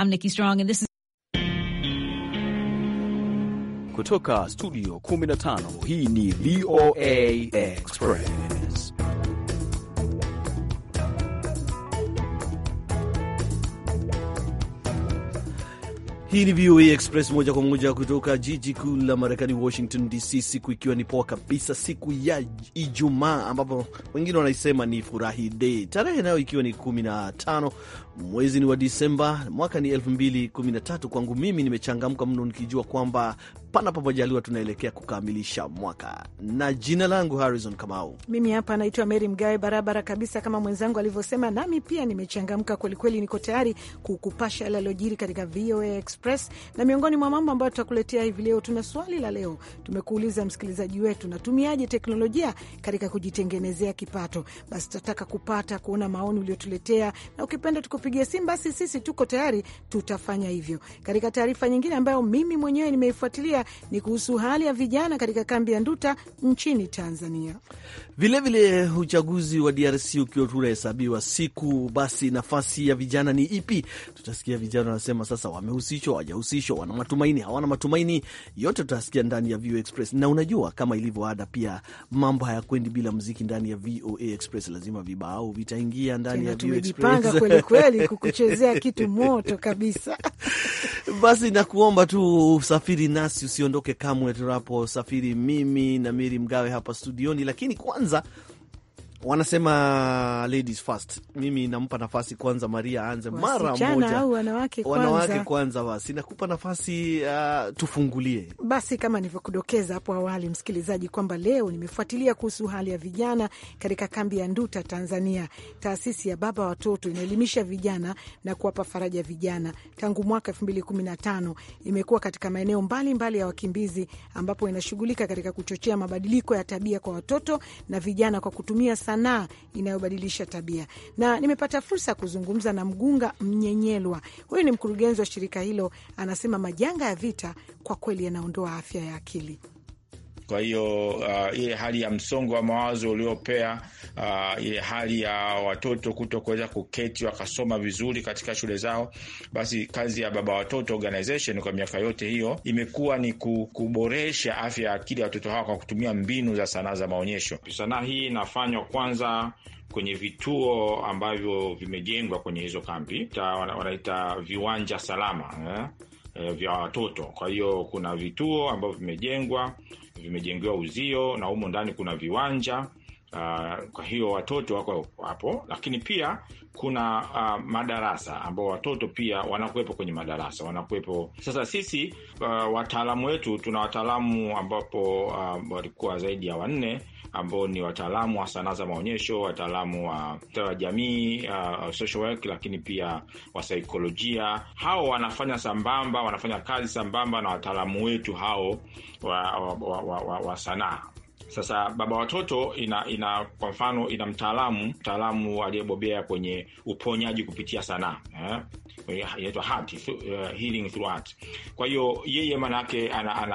I'm Nikki Strong, and this is kutoka studio 15. Hii ni VOA Express. Hii ni VOA Express moja kwa moja kutoka jiji kuu la Marekani, Washington DC, siku ikiwa ni poa kabisa, siku ya Ijumaa ambapo wengine wanaisema ni furahi dei, tarehe nayo ikiwa ni 15 mwezi ni wa Disemba, mwaka ni 2013. Kwangu mimi nimechangamka mno nikijua kwamba panapo majaliwa tunaelekea kukamilisha mwaka, na jina langu Harrison Kamau. Mimi hapa naitwa Mary Mgawe, barabara kabisa kama mwenzangu alivyosema, nami pia nimechangamka kwelikweli, niko tayari kukupasha yale yaliyojiri katika VOA Express. Express. Na miongoni mwa mambo ambayo tutakuletea hivi leo, tuna swali la leo. Tumekuuliza msikilizaji wetu, natumiaje teknolojia katika kujitengenezea kipato? Basi tutataka kupata kuona maoni uliotuletea, na ukipenda tukupigie simu, basi sisi tuko tayari, tutafanya hivyo. Katika taarifa nyingine ambayo mimi mwenyewe nimeifuatilia ni kuhusu hali ya vijana katika kambi ya Nduta nchini Tanzania. Vilevile vile uchaguzi wa DRC ukiwa tunahesabiwa siku, basi nafasi ya vijana ni ipi? Tutasikia vijana wanasema sasa wamehusishwa hawajahusishwa, hawajahusishwa, wana matumaini, hawana matumaini, yote tutasikia ndani ya VOA Express. Na unajua kama ilivyo ada, pia mambo hayakwendi bila mziki ndani ya VOA Express, lazima vibao vitaingia ndani ya VOA Express. Kweli kweli, kukuchezea kitu moto kabisa. Basi nakuomba tu usafiri nasi, usiondoke kamwe, tunaposafiri mimi na miri Mgawe hapa studioni, lakini kwanza wanasema ladies first. Mimi nampa nafasi kwanza, Maria aanze mara moja, wanawake kwanza, wanawake kwanza. Basi nakupa nafasi uh, tufungulie basi. Kama nilivyokudokeza hapo awali, msikilizaji, kwamba leo nimefuatilia kuhusu hali ya vijana katika kambi ya Nduta, Tanzania. Taasisi ya Baba Watoto inaelimisha vijana na kuwapa faraja vijana. Tangu mwaka elfu mbili kumi na tano imekuwa katika maeneo mbalimbali ya wakimbizi, ambapo inashughulika katika kuchochea mabadiliko ya tabia kwa watoto na vijana kwa kutumia sanaa inayobadilisha tabia, na nimepata fursa ya kuzungumza na Mgunga Mnyenyelwa. Huyu ni mkurugenzi wa shirika hilo, anasema majanga ya vita kwa kweli yanaondoa afya ya akili. Kwa hiyo uh, ile hali ya msongo wa mawazo uliopea, uh, ile hali ya watoto kuto kuweza kuketi wakasoma vizuri katika shule zao, basi kazi ya baba watoto organization kwa miaka yote hiyo imekuwa ni kuboresha afya ya akili ya watoto hawa kwa kutumia mbinu za sanaa za maonyesho. Sanaa hii inafanywa kwanza kwenye vituo ambavyo vimejengwa kwenye hizo kambi, wanaita viwanja salama eh? e, vya watoto. Kwa hiyo kuna vituo ambavyo vimejengwa, vimejengewa uzio na humo ndani kuna viwanja Uh, kwa hiyo watoto wako hapo, lakini pia kuna uh, madarasa ambao watoto pia wanakuwepo kwenye madarasa wanakuwepo. Sasa sisi uh, wataalamu wetu tuna wataalamu ambapo uh, walikuwa zaidi ya wanne ambao ni wataalamu wa sanaa za maonyesho, wataalamu wa wa jamii uh, social work, lakini pia wa saikolojia. Hao wanafanya sambamba, wanafanya kazi sambamba na wataalamu wetu hao wa, wa, wa, wa, wa, wa sanaa. Sasa baba watoto ina, ina kwa mfano ina mtaalamu mtaalamu aliyebobea kwenye uponyaji kupitia sanaa eh? inaitwa eh, heart uh, healing through heart. Kwa hiyo yeye manake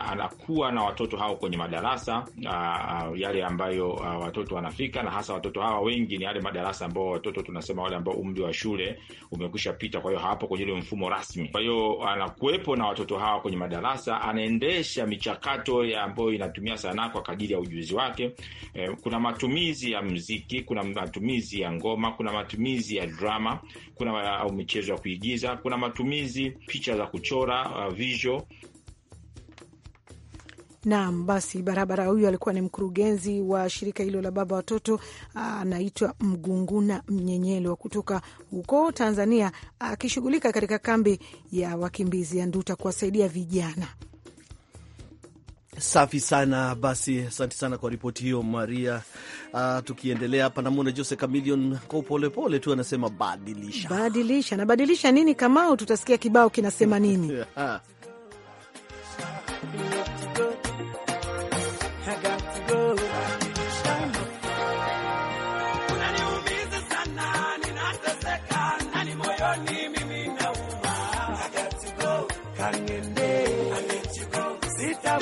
anakuwa na watoto hao kwenye madarasa uh, uh, yale ambayo uh, watoto wanafika, na hasa watoto hawa wengi ni yale madarasa ambao watoto tunasema wale ambao umri wa shule umekwisha pita, kwa hiyo hawapo kwenye ile mfumo rasmi. Kwa hiyo anakuwepo na watoto hawa kwenye madarasa, anaendesha michakato ya ambayo inatumia sanaa kwa kadiri ya ujuzi wake. Eh, kuna matumizi ya mziki, kuna matumizi ya ngoma, kuna matumizi ya drama, kuna uh, michezo ya kuigiza kuigiza, kuna matumizi picha za kuchora uh, visual Naam, basi barabara. Huyu alikuwa ni mkurugenzi wa shirika hilo la baba watoto, uh, anaitwa Mgunguna mnyenyelo kutoka huko Tanzania, akishughulika katika kambi ya wakimbizi ya Nduta kuwasaidia vijana Safi sana basi, asante sana kwa ripoti hiyo Maria. Uh, tukiendelea hapa namwona Jose Camilion kwa upolepole tu anasema badilisha, badilisha na badilisha nini? Kamao, tutasikia kibao kinasema nini? yeah.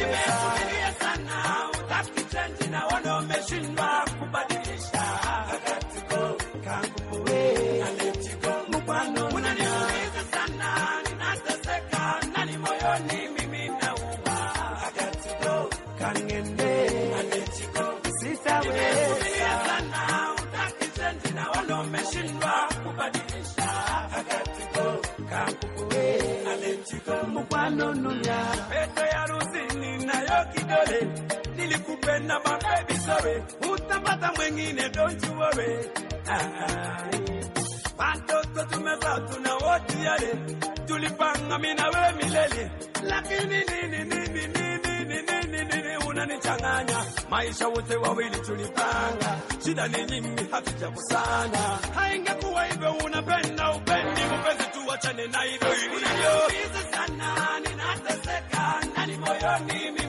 your man. kidole nilikupenda my baby sorry, utapata mwengine, don't you worry. Ah, ah. Watoto tumezaa tuna wote yale tulipanga, mimi na wewe milele, lakini nini nini nini nini nini nini unanichanganya maisha, wote wawili tulipanga, shida ni nyingi hatujakosana, haingekuwa hivyo. Unapenda upendi mpenzi, tu, tuachane na hivyo ilivyo, sana, ninateseka ndani moyoni mimi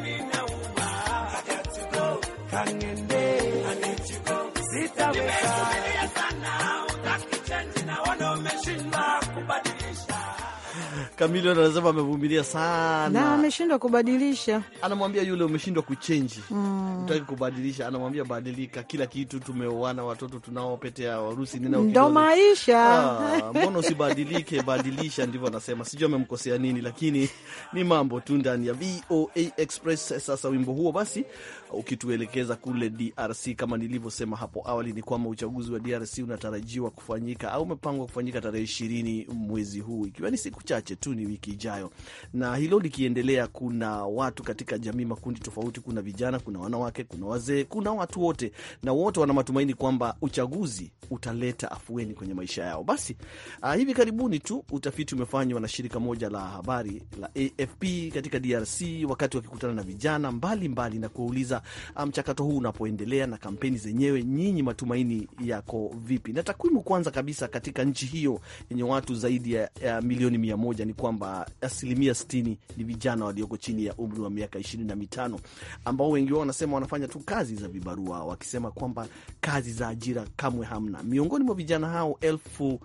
Kamilion anasema amevumilia sana na ameshindwa kubadilisha. Anamwambia yule, umeshindwa kuchenji, mm. utaki kubadilisha. Anamwambia badilika, kila kitu tumeoana, watoto tunao, pete ya harusi nina, ndo maisha ah, mbona usibadilike? Badilisha, ndivyo anasema. Sijui amemkosea nini, lakini ni mambo tu ndani ya VOA Express. Sasa wimbo huo basi ukituelekeza kule DRC kama nilivyosema hapo awali, ni kwamba uchaguzi wa DRC unatarajiwa kufanyika au umepangwa kufanyika tarehe ishirini mwezi huu, ikiwa ni siku chache tu, ni wiki ijayo. Na hilo likiendelea, kuna watu katika jamii, makundi tofauti, kuna vijana, kuna wanawake, kuna wazee, kuna watu wote, na wote wana matumaini kwamba uchaguzi utaleta afueni kwenye maisha yao. Basi uh, hivi karibuni tu utafiti umefanywa na shirika moja la habari la AFP katika DRC wakati wakikutana na vijana mbalimbali mbali na kuwauliza Um, mchakato huu unapoendelea na kampeni zenyewe, nyinyi matumaini yako vipi? Na takwimu kwanza kabisa katika nchi hiyo yenye watu zaidi ya, ya milioni mia moja ni kwamba asilimia sitini ni vijana walioko chini ya umri wa miaka ishirini na mitano ambao wengi wao wanasema wanafanya tu kazi za vibarua, wakisema kwamba kazi za ajira kamwe hamna. Miongoni mwa vijana hao elfu uh,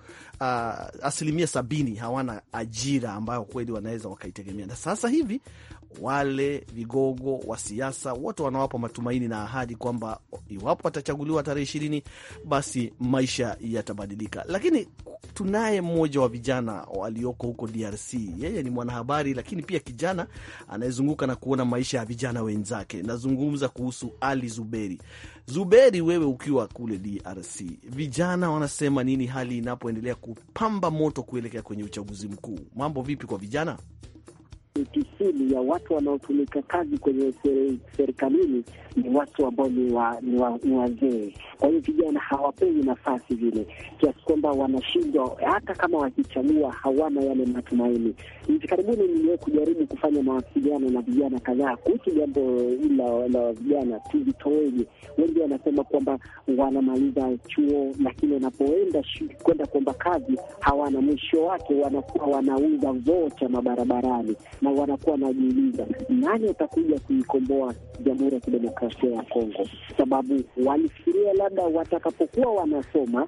asilimia sabini hawana ajira ambayo kweli wanaweza wakaitegemea, na sasa hivi wale vigogo wa siasa wote wanawapa matumaini na ahadi kwamba iwapo atachaguliwa tarehe ishirini basi maisha yatabadilika. Lakini tunaye mmoja wa vijana walioko huko DRC. Yeye ni mwanahabari lakini pia kijana anayezunguka na kuona maisha ya vijana wenzake. Nazungumza kuhusu Ali Zuberi. Zuberi, wewe ukiwa kule DRC, vijana wanasema nini hali inapoendelea kupamba moto kuelekea kwenye uchaguzi mkuu? Mambo vipi kwa vijana? asili ya watu wanaotumika kazi kwenye serikalini ni watu ambao ni wazee wa, wa kwa hiyo vijana hawapewi nafasi vile, kiasi kwamba wanashindwa, hata kama wakichagua hawana yale matumaini. Hivi karibuni niliwe kujaribu kufanya mawasiliano na vijana kadhaa kuhusu jambo hili la vijana tujitoeje. Wengi wanasema kwamba wanamaliza chuo, lakini wanapoenda kwenda kuomba kazi hawana, mwisho wake wanakuwa wanauza vocha mabarabarani na wanakuwa walikuwa wanajiuliza nani atakuja kuikomboa Jamhuri ya Kidemokrasia ya Kongo, sababu walifikiria labda watakapokuwa wanasoma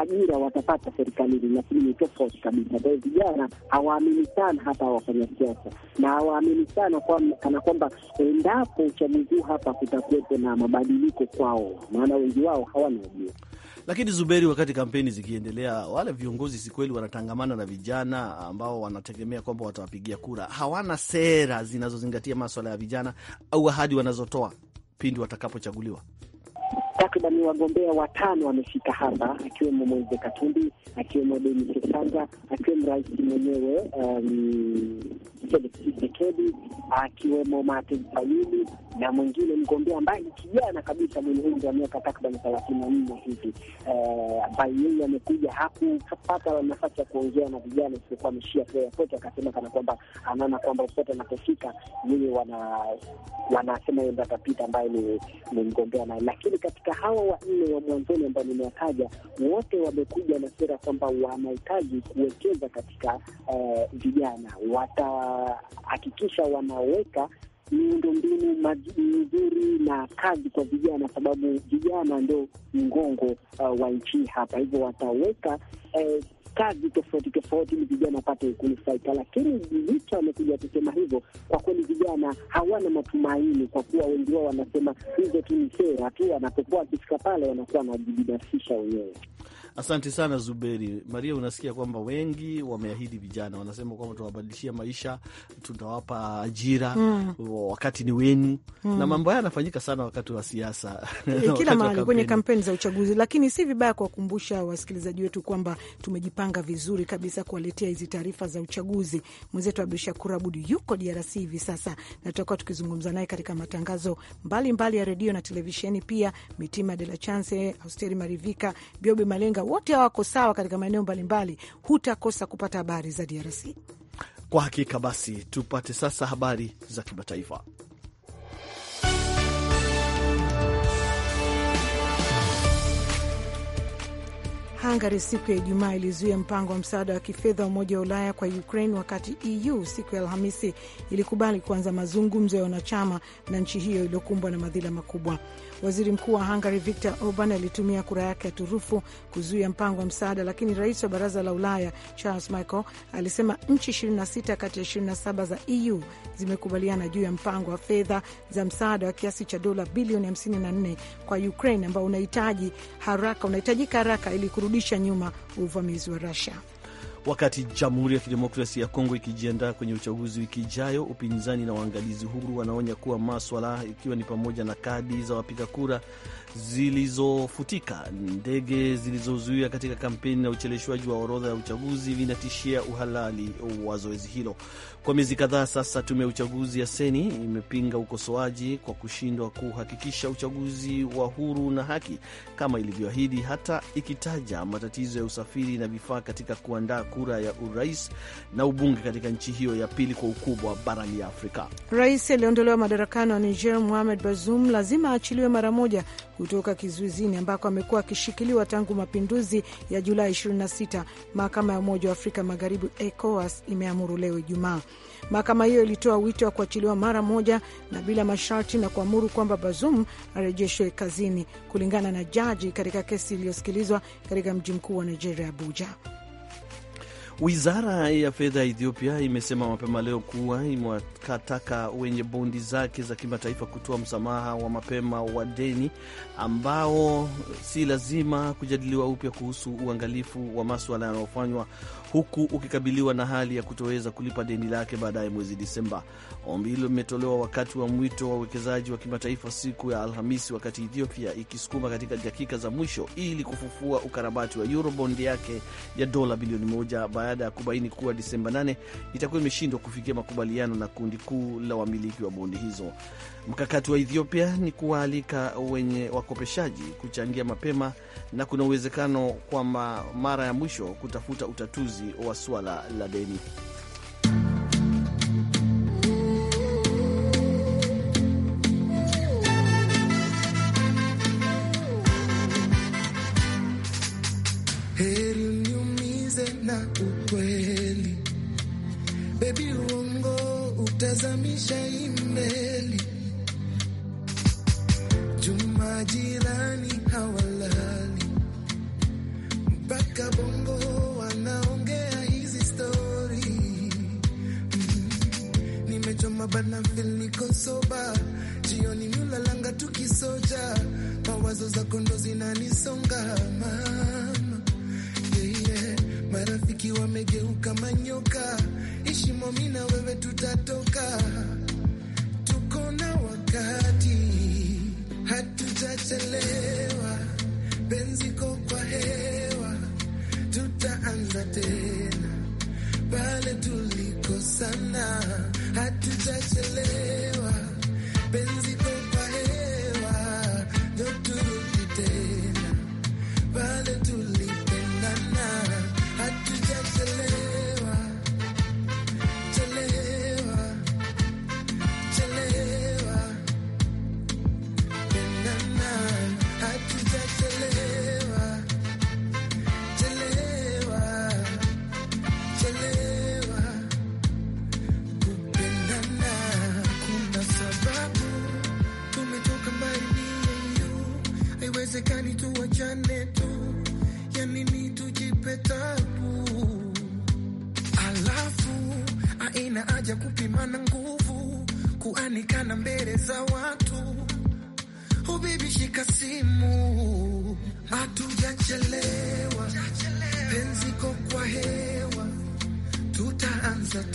ajira watapata serikalini, lakini ni tofauti kabisa. Kwa hiyo vijana hawaamini sana hata wafanyasiasa, na hawaamini sana kwa, kana kwamba endapo uchaguzi huu hapa kutakuwepo na mabadiliko kwao, maana wengi wao hawana ajira. Lakini Zuberi, wakati kampeni zikiendelea, wale viongozi si kweli wanatangamana na vijana ambao wanategemea kwamba watawapigia kura, hawana sera zinazozingatia maswala ya vijana au ahadi wanazotoa pindi watakapochaguliwa? takriban wagombea watano wamefika hapa, akiwemo Moise Katumbi, akiwemo Denis Sesanga, akiwemo rais mwenyewe um, Felix Tshisekedi, akiwemo Martin Fayulu na mwingine mgombea ambaye ni kijana kabisa mwenye umri wa miaka takriban thelathini na nne hivi, eh, ambaye yeye amekuja hakupata nafasi ya kuongea na vijana, isipokuwa ameshia tu airport, akasema kana kwamba anaona kwamba popote anapofika yeye wanasema wana yeye ndo atapita, ambaye ni mgombea naye, lakini katika hawa wanne wa mwanzoni ambao nimewataja wote wamekuja na sera kwamba wanahitaji kuwekeza katika eh, vijana, uh, watahakikisha wanaweka miundombinu mizuri na kazi kwa vijana, sababu vijana ndio mgongo uh, wa nchi hapa. Hivyo wataweka eh, kazi tofauti tofauti ili vijana wapate kunufaika, lakini licha wamekuja kusema hivyo, kwa kweli vijana hawana matumaini, kwa kuwa wengi wao wanasema hizo tu ni sera tu, wanapokuwa wakifika pale wanakuwa wanajibinafsisha wenyewe. Asante sana Zuberi Maria. Unasikia kwamba wengi wameahidi vijana, wanasema kwamba tunawabadilishia maisha, tunawapa ajira mm. wakati ni wenu mm. na mambo haya yanafanyika sana wakati wa siasa eh, kila mahali kwenye kampeni za uchaguzi, lakini si vibaya kuwakumbusha wasikilizaji wetu kwamba tumejipanga vizuri kabisa kuwaletea hizi taarifa za uchaguzi. Mwenzetu Abdu Shakur Abud yuko DRC hivi sasa na tutakuwa tukizungumza naye katika matangazo mbalimbali mbali ya redio na televisheni, pia Mitima de la Chance, Austeri Marivika, Biobe Malenga wote hawako sawa katika maeneo mbalimbali, hutakosa kupata habari za DRC. Kwa hakika. Basi tupate sasa habari za kimataifa. Hungary siku ya Ijumaa ilizuia mpango wa msaada wa kifedha wa Umoja wa Ulaya kwa Ukraine wakati EU siku ya Alhamisi ilikubali kuanza mazungumzo ya wanachama na nchi hiyo iliyokumbwa na madhila makubwa. Waziri mkuu wa Hungary Viktor Orban alitumia kura yake ya turufu kuzuia mpango wa msaada, lakini rais wa baraza la Ulaya Charles Michel alisema nchi 26 kati ya 27 za EU zimekubaliana juu ya mpango wa fedha za msaada wa kiasi cha dola bilioni 54 kwa Ukraine ambao unahitaji haraka, unahitajika haraka ili kurudisha nyuma uvamizi wa Rusia. Wakati Jamhuri ya Kidemokrasia ya Kongo ikijiandaa kwenye uchaguzi wiki ijayo, upinzani na waangalizi huru wanaonya kuwa maswala ikiwa ni pamoja na kadi za wapiga kura zilizofutika, ndege zilizozuia katika kampeni na ucheleshwaji wa orodha ya uchaguzi vinatishia uhalali wa zoezi hilo. Kwa miezi kadhaa sasa, tume ya uchaguzi ya Seni imepinga ukosoaji kwa kushindwa kuhakikisha uchaguzi wa huru na haki kama ilivyoahidi, hata ikitaja matatizo ya usafiri na vifaa katika kuandaa kura ya urais na ubunge katika nchi hiyo ya pili kwa ukubwa barani ya Afrika. Rais aliyeondolewa madarakani wa Niger Mohamed Bazoum lazima aachiliwe mara moja kutoka kizuizini ambako amekuwa akishikiliwa tangu mapinduzi ya Julai 26, mahakama ya Umoja wa Afrika Magharibi ECOWAS imeamuru leo Ijumaa. Mahakama hiyo ilitoa wito wa kuachiliwa mara moja na bila masharti na kuamuru kwamba Bazoum arejeshwe kazini, kulingana na jaji katika kesi iliyosikilizwa katika mji mkuu wa Nigeria, Abuja. Wizara ya fedha ya Ethiopia imesema mapema leo kuwa imewakataka wenye bondi zake za kimataifa kutoa msamaha wa mapema wa deni ambao si lazima kujadiliwa upya kuhusu uangalifu wa maswala yanayofanywa huku ukikabiliwa na hali ya kutoweza kulipa deni lake baadaye mwezi Disemba. Ombi hilo limetolewa wakati wa mwito wa uwekezaji wa kimataifa siku ya Alhamisi, wakati Ethiopia ikisukuma katika dakika za mwisho ili kufufua ukarabati wa eurobondi yake ya dola bilioni moja baada ya kubaini kuwa Disemba 8 itakuwa imeshindwa kufikia makubaliano na kundi kuu la wamiliki wa bondi hizo. Mkakati wa Ethiopia ni kuwaalika wenye wakopeshaji kuchangia mapema, na kuna uwezekano kwamba mara ya mwisho kutafuta utatuzi wa suala la deni.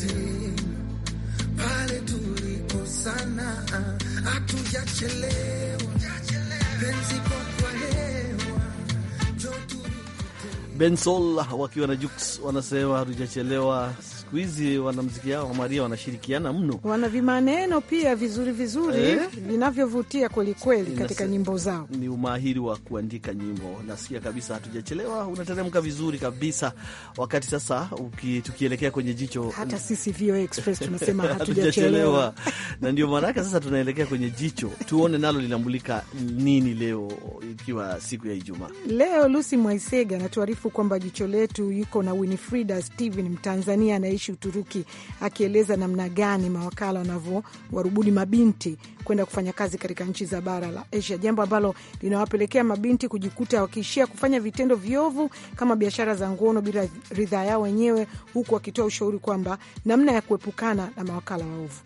wote pale hatujachelewa penzi kwa hewa Bensol wakiwa na Juks wanasema hatujachelewa siku hizi wanamziki hao Maria wanashirikiana mno, wana vimaneno pia vizuri vizuri eh, vinavyovutia kwelikweli katika nyimbo zao. Ni umahiri wa kuandika nyimbo, nasikia kabisa, hatujachelewa, unateremka vizuri kabisa. Wakati sasa tukielekea kwenye jicho, hata sisi VOA Express tunasema hatujachelewa na ndio maanake sasa tunaelekea kwenye jicho, tuone nalo linamulika nini leo, ikiwa siku ya Ijumaa. Leo Lucy Mwaisega anatuarifu kwamba jicho letu yuko na Winifrida Steven, Mtanzania anaye anayeishi Uturuki, akieleza namna gani mawakala wanavyowarubuni mabinti kwenda kufanya kazi katika nchi za bara la Asia, jambo ambalo linawapelekea mabinti kujikuta wakiishia kufanya vitendo viovu kama biashara za ngono bila ridhaa yao wenyewe, huku wakitoa ushauri kwamba namna ya kuepukana na mawakala waovu.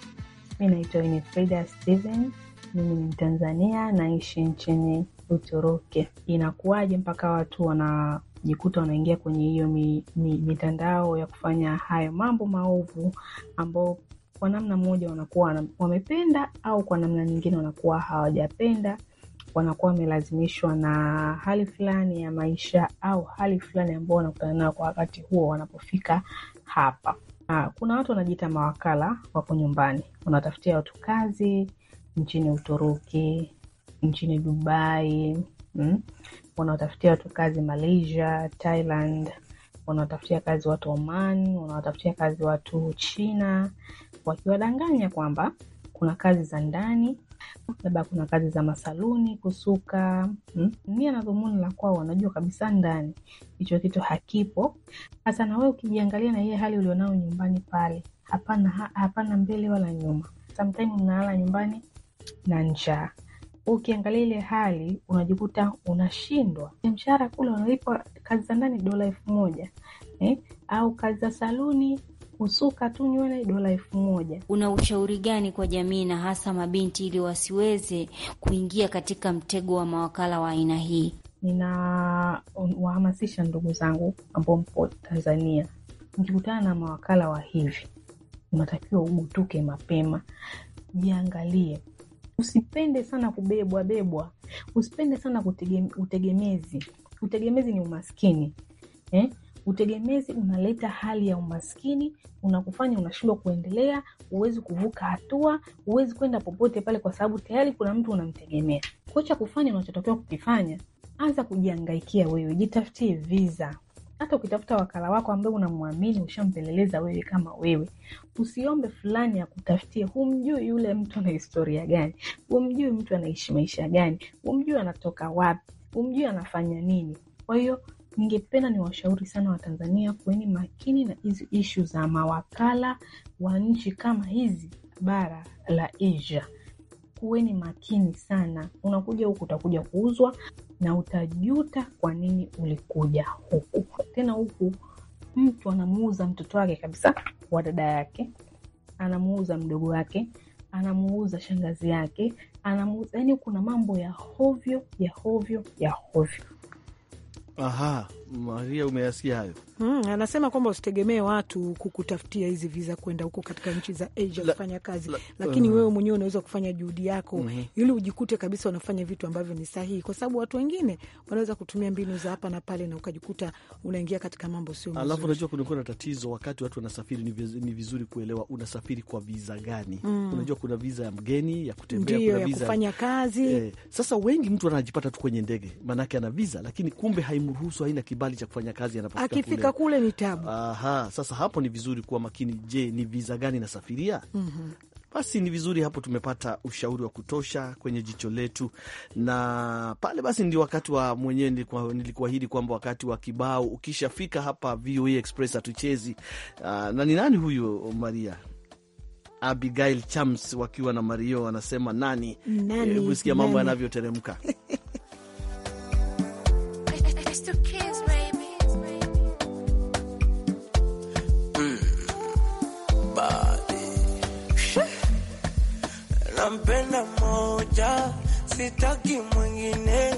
Mi naitwa Winifrida Steven, mimi ni Mtanzania, naishi nchini Uturuki. Inakuwaje mpaka watu wana jikuta wanaingia kwenye hiyo mi, mi, mitandao ya kufanya hayo mambo maovu ambao kwa namna moja wanakuwa wamependa au kwa namna nyingine wanakuwa hawajapenda, wanakuwa wamelazimishwa na hali fulani ya maisha au hali fulani ambao wanakutana nayo kwa wakati huo wanapofika hapa. Aa, kuna watu wanajiita mawakala wako nyumbani, wanatafutia watu kazi nchini Uturuki, nchini Dubai mm? wanaotafutia watu kazi Malaysia, Thailand, wanaotafutia kazi watu Oman, wanaotafutia kazi watu China, wakiwadanganya kwamba kuna kazi za ndani, labda kuna kazi za masaluni, kusuka, hmm? nia na dhumuni la kwao wanajua kabisa ndani hicho kitu hakipo. hasa na wewe ukijiangalia na ile hali ulionao nyumbani pale, hapana, hapana mbele wala nyuma. Sometimes mnalala nyumbani na njaa ukiangalia ile hali unajikuta unashindwa. Mshahara kule unalipwa kazi za ndani dola elfu moja eh? au kazi za saluni kusuka tu nywele dola elfu moja. Una ushauri gani kwa jamii na hasa mabinti ili wasiweze kuingia katika mtego wa mawakala wa aina hii? Ninawahamasisha ndugu zangu ambao mpo Tanzania, mkikutana na mawakala wa hivi, unatakiwa ugutuke mapema, jiangalie Usipende sana kubebwa bebwa, usipende sana utegemezi. Utegemezi ni umaskini eh? Utegemezi unaleta hali ya umaskini, unakufanya unashindwa kuendelea, huwezi kuvuka hatua, huwezi kwenda popote pale, kwa sababu tayari kuna mtu unamtegemea. Kocha kufanya unachotakiwa kukifanya, anza kujiangaikia wewe, jitafutie visa hata ukitafuta wakala wako ambaye unamwamini, ushampeleleza wewe kama wewe, usiombe fulani akutafutie. Humjui yule mtu ana historia gani, humjui mtu anaishi maisha gani, humjui anatoka wapi, humjui anafanya nini. Kwa hiyo ningependa niwashauri sana Watanzania kuweni makini na hizi ishu za mawakala wa nchi kama hizi bara la Asia kuweni makini sana. Unakuja huku utakuja kuuzwa na utajuta kwa nini ulikuja huku. Tena huku mtu anamuuza mtoto wake kabisa wa dada yake, anamuuza mdogo wake, anamuuza shangazi yake, anamuuza, yani, kuna mambo ya hovyo ya hovyo ya hovyo. Aha, Maria, umeyasikia hayo mm. Anasema kwamba usitegemee watu kukutafutia hizi viza kwenda huko katika nchi za Asia la, kufanya kazi la, lakini uh, wewe mwenyewe unaweza kufanya juhudi yako uh ili ujikute kabisa unafanya vitu ambavyo ni sahihi, kwa sababu watu wengine wanaweza kutumia mbinu za hapa na pale na ukajikuta unaingia katika mambo sio mazuri. Alafu unajua kunakuwa na tatizo wakati watu wanasafiri, ni vizuri kuelewa unasafiri kwa viza gani mm. Unajua kuna viza ya mgeni ya kutembea, ndiyo, kuna viza ya kufanya kazi eh. Sasa wengi mtu anajipata tu kwenye ndege, maanake ana viza lakini kumbe haimruhusu, haina kibali kibali cha kufanya kazi anapofika kule. Akifika kule ni tabu. Aha, sasa hapo ni vizuri kuwa makini. Je, ni viza gani nasafiria? mm -hmm. Basi ni vizuri hapo tumepata ushauri wa kutosha kwenye jicho letu, na pale basi ndio wakati wa mwenyewe, nilikuahidi kwamba wakati wa kibao ukishafika hapa VOA e Express hatuchezi. Uh, na ni nani huyu Maria Abigail Chams wakiwa na Mario anasema nani, nani? E, kusikia mambo yanavyoteremka nampenda moja, sitaki mwingine,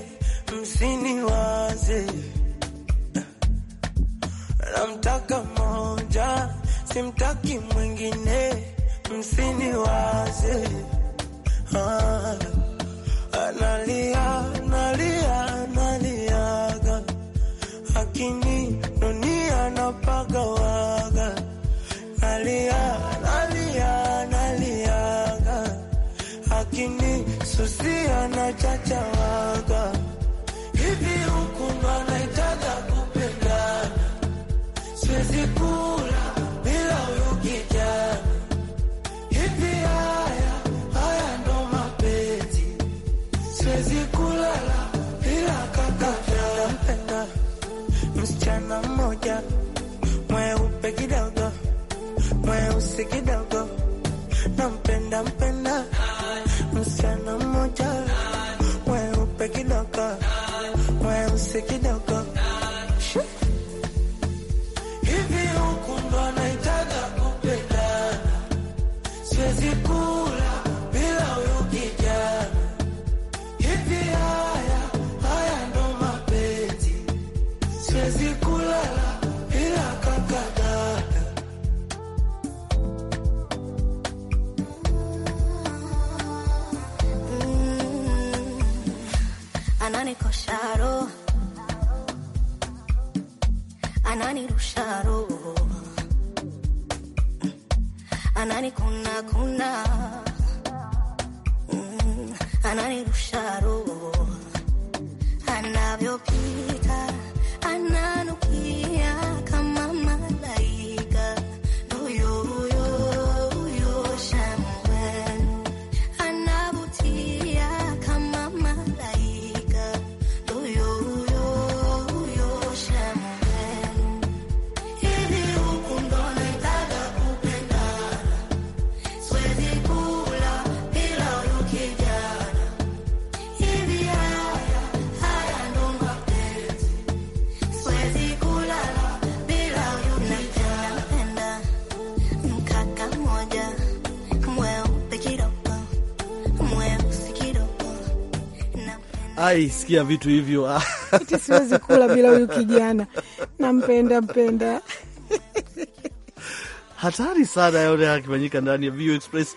msiniwaze. Namtaka moja, simtaki mwingine, msiniwaze. Ah, analia analia, naliaga, akini dunia napagawaga nalia tusiana chachawaga hivi huku ndo anaitaga kupendana, siwezi kula bila huyu kijana hivi. Haya haya ndo mapenzi, siwezi kulala bila kakata. Mpenda msichana mmoja mweupe kidogo, mweusi kidogo, nampenda mpenda ananirusha roho anavyopita Ai, sikia vitu hivyo siwezi kula bila huyu kijana, nampenda mpenda hatari sana yale akifanyika ndani ya View Express.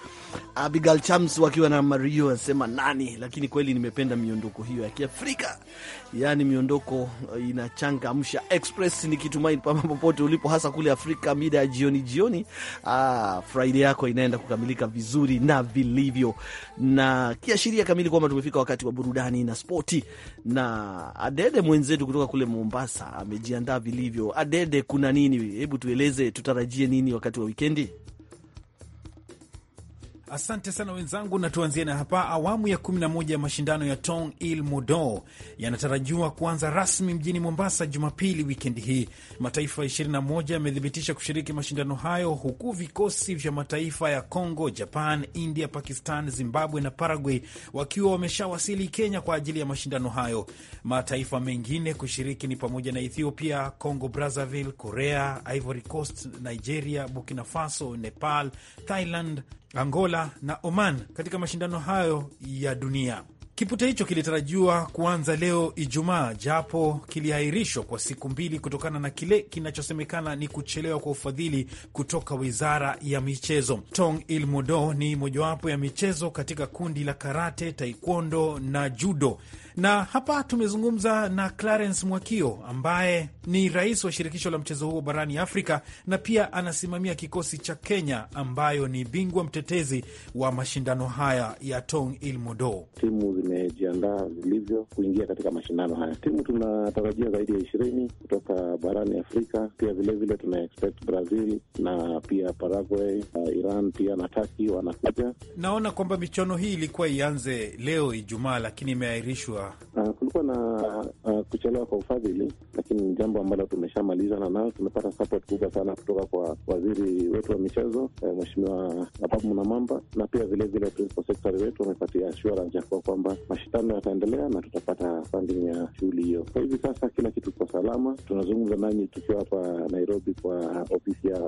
Abigail Chams wakiwa na Mario asema nani, lakini kweli nimependa miondoko hiyo ya Kiafrika, yaani miondoko uh, inachangamsha Express, nikitumaini pama popote ulipo, hasa kule Afrika mida ya jioni jioni. Ah, Friday yako inaenda kukamilika vizuri na vilivyo, na kiashiria kamili kwamba tumefika wakati wa burudani na spoti, na Adede mwenzetu kutoka kule Mombasa amejiandaa vilivyo. Adede, kuna nini? Hebu tueleze tutarajie nini wakati wakati wa wikendi? Asante sana wenzangu, na tuanzie na hapa. Awamu ya 11 ya mashindano ya Tong Il Mudo yanatarajiwa kuanza rasmi mjini Mombasa Jumapili wikendi hii. Mataifa 21 yamethibitisha kushiriki mashindano hayo, huku vikosi vya mataifa ya Congo, Japan, India, Pakistan, Zimbabwe na Paraguay wakiwa wameshawasili Kenya kwa ajili ya mashindano hayo. Mataifa mengine kushiriki ni pamoja na Ethiopia, Congo Brazzaville, Korea, Ivory Coast, Nigeria, Burkina Faso, Nepal, Thailand, Angola na Oman katika mashindano hayo ya dunia. Kipute hicho kilitarajiwa kuanza leo Ijumaa, japo kiliahirishwa kwa siku mbili kutokana na kile kinachosemekana ni kuchelewa kwa ufadhili kutoka wizara ya michezo. Tong Ilmodo ni mojawapo ya michezo katika kundi la karate, taekwondo na judo na hapa tumezungumza na Clarence Mwakio ambaye ni rais wa shirikisho la mchezo huo barani Afrika na pia anasimamia kikosi cha Kenya ambayo ni bingwa mtetezi wa mashindano haya ya Tong Ilmodo. Timu zimejiandaa vilivyo kuingia katika mashindano haya. Timu tunatarajia zaidi ya ishirini kutoka barani Afrika. Pia vilevile tuna expect Brazil na pia Paraguay, Iran pia na Taki wanakuja. Naona kwamba michuano hii ilikuwa ianze leo Ijumaa, lakini imeahirishwa uh, kulikuwa na uh, kuchelewa kwa ufadhili, lakini ni jambo ambalo tumeshamalizana nao. Tumepata support kubwa sana kutoka kwa waziri wetu wa michezo eh, Mheshimiwa Ababu Namwamba, na pia vilevile principal secretary wetu wamepatia assurance ya kuwa kwamba mashindano yataendelea na tutapata funding ya shughuli hiyo. Kwa hivi sasa kila kitu kiko salama. Tunazungumza nanyi tukiwa hapa Nairobi kwa ofisi ya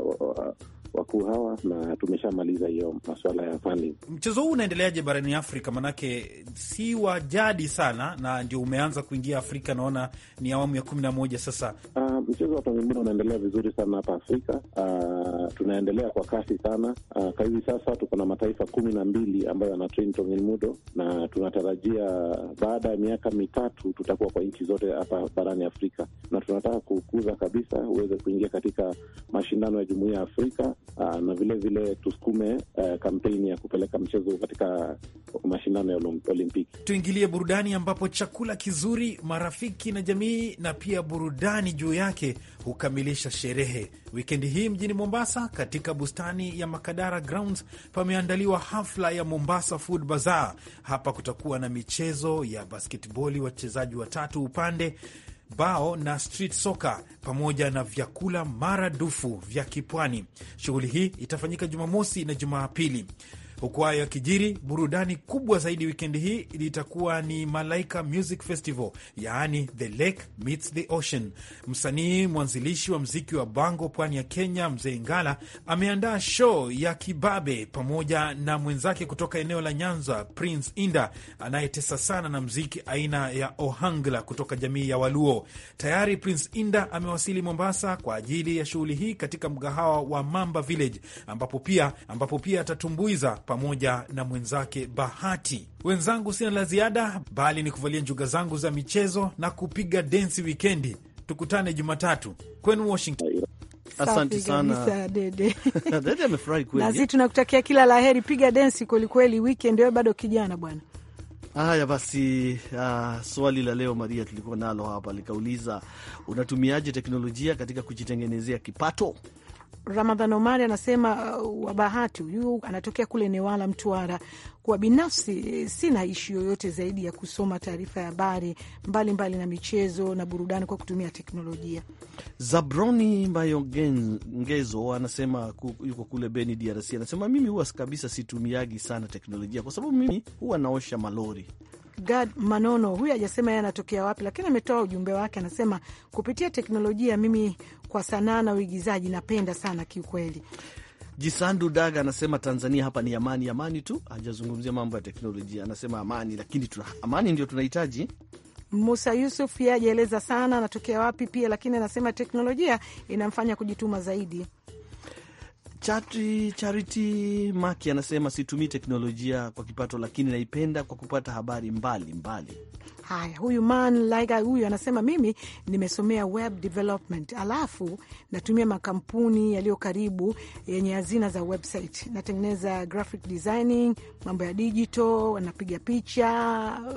wakuu hawa, na tumeshamaliza hiyo masuala ya funding. Mchezo huu unaendeleaje barani Afrika? Manake si wa jadi sana, na ndio umeanza kuingia Afrika, naona ni awamu ya kumi na moja sasa. Uh, mchezo wa tamirmira unaendelea vizuri sana hapa Afrika. Uh, tunaendelea kwa kasi sana. Uh, kwa hivi sasa tuko na mataifa kumi na mbili ambayo yanatrain tongilmudo na tunatarajia baada ya miaka mitatu tutakuwa kwa nchi zote hapa barani Afrika, na tunataka kukuza kabisa uweze kuingia katika mashindano ya jumuiya ya Afrika uh, na vilevile vile tusukume uh, kampeni ya kupeleka mchezo katika mashindano ya Olimpiki. Tuingilie burudani, ambapo chakula kizuri, marafiki na jamii na pia burudani juu yake hukamilisha sherehe. Wikendi hii mjini Mombasa, katika bustani ya Makadara Grounds pameandaliwa hafla ya Mombasa Food Bazaar. Hapa kutakuwa na michezo ya basketboli, wachezaji watatu upande bao na street soka pamoja na vyakula maradufu vya kipwani. Shughuli hii itafanyika Jumamosi na Jumapili. Huku hayo yakijiri, burudani kubwa zaidi wikendi hii litakuwa ni Malaika Music Festival, yaani the lake meets the ocean. Msanii mwanzilishi wa mziki wa bango pwani ya Kenya, Mzee Ngala ameandaa show ya kibabe pamoja na mwenzake kutoka eneo la Nyanza, Prince Inda anayetesa sana na mziki aina ya ohangla kutoka jamii ya Waluo. Tayari Prince Inda amewasili Mombasa kwa ajili ya shughuli hii katika mgahawa wa Mamba Village ambapo pia ambapo pia atatumbuiza pamoja na mwenzake Bahati. Wenzangu, sina la ziada, bali ni kuvalia njuga zangu za michezo na kupiga densi wikendi. Tukutane Jumatatu kwenu Washington. Asante sana Dede. amefurahi kweli, nasi tunakutakia kila la heri. Piga densi kwelikweli, wikendi wewe bado kijana bwana. Haya basi, uh, swali la leo Maria tulikuwa nalo hapa likauliza, unatumiaje teknolojia katika kujitengenezea kipato? Ramadhan Omari anasema uh, bahati huyu anatokea kule Newala, Mtwara. Kwa binafsi sina ishi yoyote zaidi ya kusoma taarifa ya habari mbalimbali na michezo na burudani kwa kutumia teknolojia. Zabroni Mayongezo anasema yuko kule Beni, DRC, anasema mimi huwa kabisa situmiagi sana teknolojia kwa sababu mimi huwa naosha malori. Gad Manono huyu hajasema yeye anatokea wapi, lakini ametoa ujumbe wake, anasema kupitia teknolojia mimi kwa sanaa na uigizaji, napenda sana kiukweli. Jisandu Daga anasema Tanzania hapa ni amani, amani tu, hajazungumzia mambo ya teknolojia. Anasema amani, lakini tuna amani ndio tunahitaji. Musa Yusuf yeye ajaeleza sana anatokea wapi pia, lakini anasema teknolojia inamfanya kujituma zaidi. Chati Charity Maki anasema situmii teknolojia kwa kipato, lakini naipenda kwa kupata habari mbalimbali mbali. Haya, huyu man Laiga huyu anasema mimi nimesomea web development, alafu natumia makampuni yaliyo karibu yenye hazina za website, natengeneza graphic designing, mambo ya digital, wanapiga picha,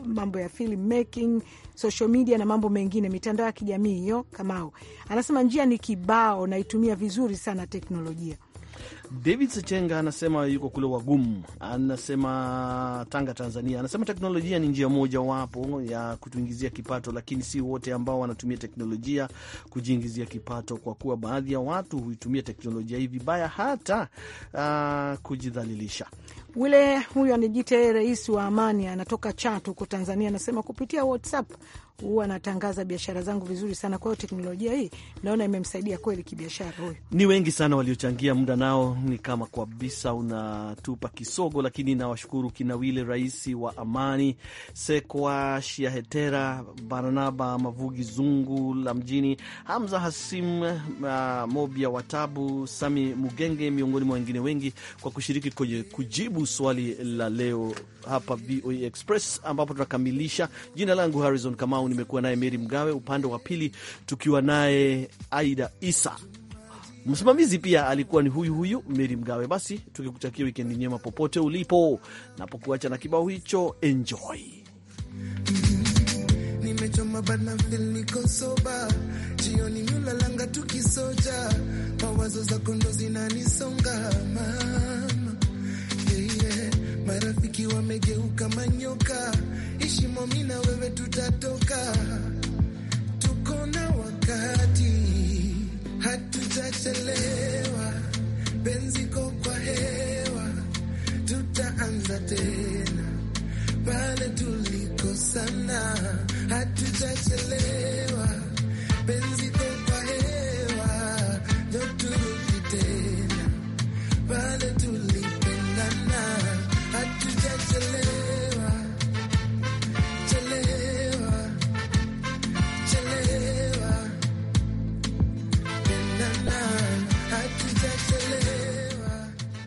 mambo ya film making, social media na mambo mengine, mitandao ya kijamii hiyo. Kamao anasema njia ni kibao, naitumia vizuri sana teknolojia. David Sechenga anasema yuko kule wagumu, anasema Tanga, Tanzania. Anasema teknolojia ni njia moja wapo ya kutuingizia kipato, lakini si wote ambao wanatumia teknolojia kujiingizia kipato, kwa kuwa baadhi ya watu huitumia teknolojia hii vibaya, hata uh, kujidhalilisha. Wile huyo anijite rais wa Amani, anatoka Chato huko Tanzania, anasema kupitia WhatsApp huwa anatangaza biashara zangu vizuri sana. Kwa hiyo teknolojia hii naona imemsaidia kweli kibiashara huyu. Ni wengi sana waliochangia muda nao, ni kama kabisa unatupa kisogo, lakini nawashukuru Kinawile, rais wa Amani, Sekwa Shiahetera, Barnaba Mavugi, Zungu la Mjini, Hamza Hasim, uh, Mobia Watabu, Sami Mugenge, miongoni mwa wengine wengi kwa kushiriki kwenye kujibu swali la leo hapa VOA e Express, ambapo tunakamilisha. Jina langu Harrison Kamau. Kamau, nimekuwa naye Meri Mgawe upande wa pili, tukiwa naye Aida Isa msimamizi pia alikuwa ni huyu huyu Meri Mgawe. Basi tukikutakia wikendi nyema popote ulipo, napokuacha na kibao hicho enjoy. Nimechoma bana niko soba, jioni tukisoja, mawazo za kondo zinanisonga marafiki wamegeuka manyoka, ishimo mina wewe tutatoka, tuko na wakati, hatutachelewa, penziko kwa hewa, tutaanza tena pale tulikosana, hatutachelewa